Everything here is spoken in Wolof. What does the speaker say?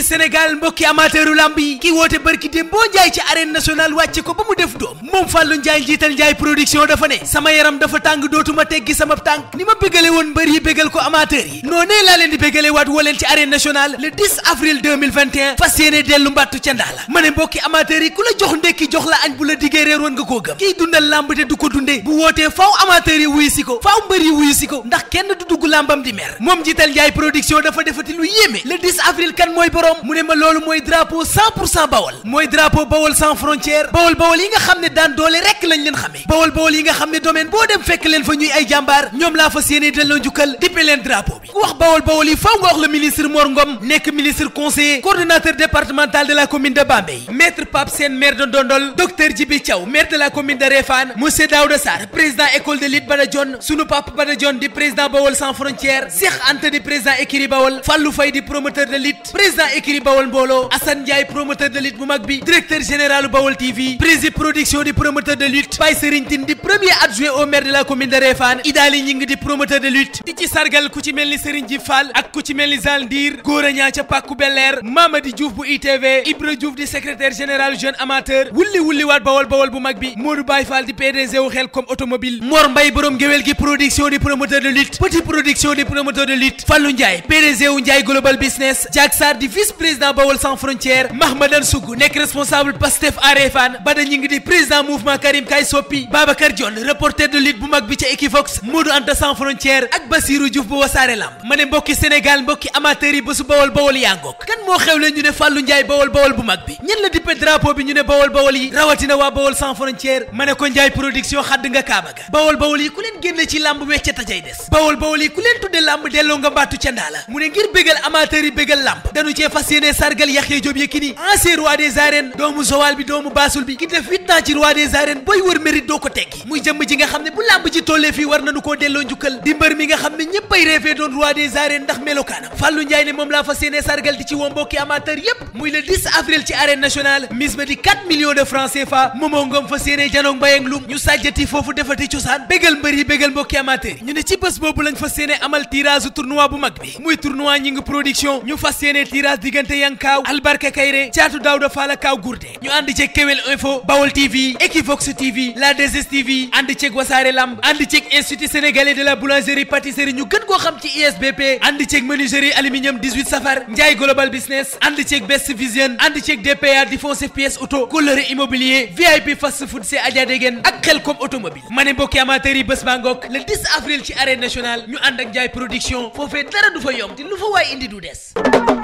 mbokki Sénégal mbokki amateuru lamb yi ki woote barki dem boo njaay ci arène nationale wàcce ko ba mu def doom moom Fallou Ndiaye njiital Ndiaye production dafa ne sama yaram dafa tàng dootuma teggi sama tànk ni ma bégale woon mbër yi bégal ko amateur yi noonee laa leen di bégale waat woo leen ci arène nationale le 10 avril fas yéene dellu mbàttu ca ndaa la ma ne mbokki amateur yi ku la jox ndekki jox la añ bu la diggee réer woon nga koo gëm kiy dundal lamb te du ko wootee faaw amateur yi si ko faaw mbër yi si ko ndax kenn du dugg lambam di mer moom njiital Ndiaye production dafa defati boroom mu ne ma loolu mooy drapeau 100 pour cent bawal mooy drapeau bawal sans frontière bawal bawal yi nga xam ne daan doole rek lañ leen xamee bawal bawal yi nga xam ne domaine boo dem fekk leen fa ñuy ay jàmbaar ñoom laa fas yéene delloo njukkal dippe leen drapeau bi wax bawal bawal yi faw nga wax le ministre Mor Ngom nekk ministre conseiller coordonnateur départemental de la commune de Bambey maître Pape Sène maire de Ndondol docteur Djibi Thiaw maire de la commune de Réfane monsieur Daouda de lutte Badajon écrit Bawol mbooloo Assane Ndiaye promoteur de lutte bu mag bi directeur général Bawol TV président production di promoteur de lutte Baye Serigne Tine di premier adjoint au maire de ku ci mel ni Serigne Djib Fall ak ku ci mel ni Zal Ndiir Gora Ñaa ca Pàkku Bel-Air Mamadi Diouf bu ITV Ibra Diouf di secrétaire général jeune amateur wulli wulli waat Bawol Bawol bu mag bi Modou Baye Fall di PDG wu Xelcom automobile Mor Mbaye borom géwél gi production di promoteur de lutte petit production di wu Ndiaye global business Jack Sarr di vice vice président Bawol sans frontière Mahmadan Sougou nekk responsable Pastef Arefan Bada ñi ngi di président mouvement Karim Kay Soppi Babacar Dione reporter de lutte bu mag bi ca Equivox Modou Anta sans frontière ak Basirou Diouf bu wasaare lamb ma ne mbokki Sénégal mbokki amateur yi bésu Bawol Bawol yaa ngoog kan moo xew le ñu ne Fallou Ndiaye Bawol Bawol bu mag bi ñen la dippe drapeau bi ñu ne Bawol Bawol yi rawatina waa Bawol sans frontière ma ne fas yéene sargal Yaxya Joob Yékini ancien roi des arènes doomu Joal bi doomu Baasul bi ki def temps ci roi des arènes booy wër mérite doo ko teggi muy jëmm ji nga xam ne bu làmb ji tollee fii war nañu koo delloo njukkal di mbër mi nga xam ne ñépp ay doon roi des arènes ndax melokaanam Fallou Ndiaye ne moom laa fas yéene sargal di ci woo mbokki amateur yépp muy le 10 avril ci arène nationale mise ba di 4 millions de francs CFA moomoo ngoom fas yéene janoog mbayeng lum ñu sàjjati foofu defati cosaan bégal mbër yi bégal mbokki amateur ñu TV Equivox TV la 2STV ànd ceeg wasaare lamb ànd ceeg institut sénégalais de la boulangerie pâtisserie ñu gën koo xam ci ISBP ànd ceeg menuiserie aluminium 18 safar Ndiaye global business ànd ceeg best vision ànd ceeg DPA défoncé pièces auto coloré immobilier VIP fast food c'est Adja Degen ak Xelkom automobile ma ne mbokki amateur yi bés baa ngoog avril ci arène nationale ñu ànd ak Ndiaye production foofee dara du fa yomb te lu fa waay indi du des.